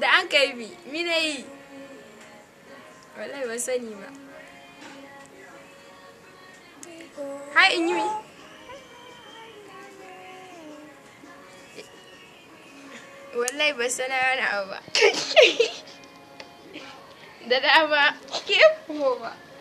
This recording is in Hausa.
da an kai bi mina yi wallahi ban sani ba hai in yi wallahi ban sana wani abu ba da dama ke ba